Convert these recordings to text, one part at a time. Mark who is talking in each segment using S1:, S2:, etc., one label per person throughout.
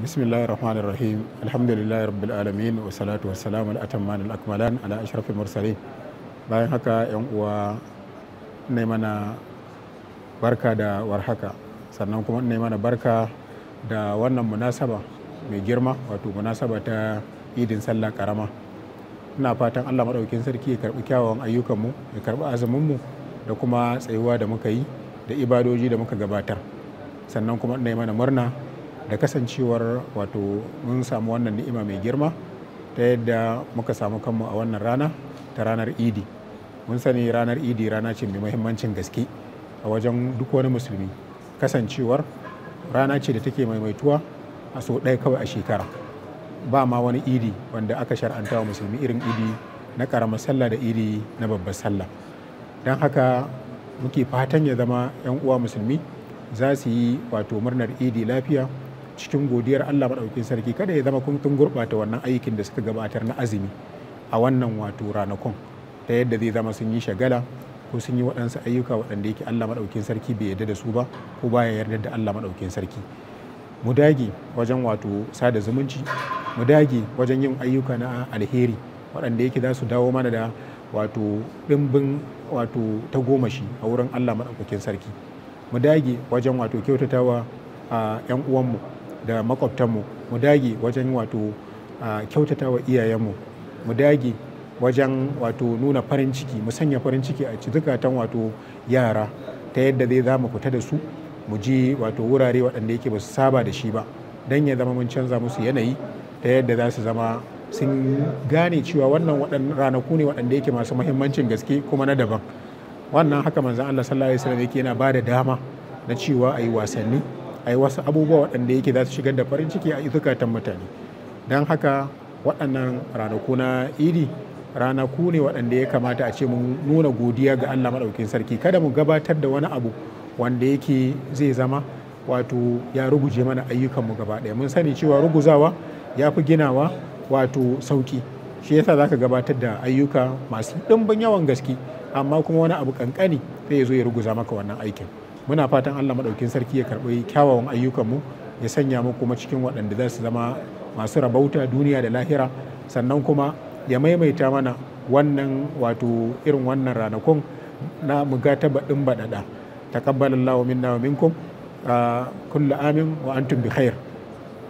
S1: bismillahir rahmanir rahim alhamdulillahi rabbil alamin wa salatu wa salamu ala ashrafil mursalin bayan haka yan uwa ne mana barka da warhaka sannan kuma ne mana barka da wannan munasaba mai girma wato munasaba ta idin sallah karama ina fatan Allah madaukakin sarki ya karbi kyawawan ayyukanmu ya karbi azumin mu da kuma tsayuwa da muka yi da ibadoji da muka gabatar sannan kuma ne mana murna da kasancewar wato mun samu wannan ni'ima mai girma ta yadda muka samu kanmu a wannan rana ta ranar idi mun sani ranar idi rana ce mai mahimmancin gaske a wajen duk wani musulmi kasancewar rana ce da take maimaituwa a so ɗaya kawai a shekara ba ma wani idi wanda aka shar'anta wa musulmi irin idi na ƙaramar sallah da idi na babbar sallah don haka muke fatan ya zama 'yan uwa musulmi za su yi wato murnar idi lafiya cikin godiyar Allah maɗaukin sarki kada ya zama kun gurɓata wannan aikin da suka gabatar na azumi a wannan wato ranakun ta yadda zai zama sun yi shagala ko sun yi waɗansu ayyuka waɗanda yake Allah maɗaukin sarki bai yarda da su ba ko baya yarda da Allah maɗaukin sarki mu dage wajen wato sada zumunci mu dage wajen yin ayyuka na alheri waɗanda yake za su dawo mana da wato ɗimbin wato ta shi a wurin Allah maɗaukakin sarki mu dage wajen wato kyautatawa a 'yan uwanmu da makwabtanmu mu dage wajen wato kyautata wa iyayenmu mu dage wajen wato nuna farin ciki mu sanya farin ciki a zukatan wato yara ta yadda zai za fita da su mu je wato wurare waɗanda yake ba su saba da shi ba don ya zama mun canza musu yanayi ta yadda za su zama sun gane cewa wannan ranaku ne waɗanda yake masu mahimmancin gaske kuma na daban wannan haka manzan Allah sallallahu alaihi wasallam yake yana ba da dama na cewa a yi wasanni a yi wasu abubuwa waɗanda yake za su shigar da farin ciki a zukatan mutane don haka waɗannan ranaku na idi ranaku ne waɗanda ya kamata a ce mun nuna godiya ga allah maɗaukin sarki kada mu gabatar da wani abu wanda yake zai zama wato ya ruguje mana ayyukanmu gaba ɗaya mun sani cewa ruguzawa ya fi ginawa wato sauki shi yasa za ka gabatar da ayyuka masu ɗimbin yawan gaske amma kuma wani abu kankani zai ya zo ya ruguza maka wannan aikin muna fatan allah maɗaukin sarki ya karɓi kyawawan ayyukanmu ya sanya mu kuma cikin waɗanda za su zama masu rabauta duniya da lahira sannan kuma ya maimaita mana wannan wato irin wannan ranakun na ga ta baɗin baɗaɗa takabbalallahu minna wa minkum kullu amin wa antum bi khair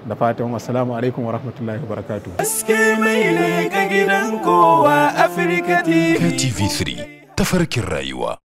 S1: da fatan assalamu alaikum wa rahmatullahi wa barakatuh aske mai ne gidan kowa afirka tv3 tafarkin rayuwa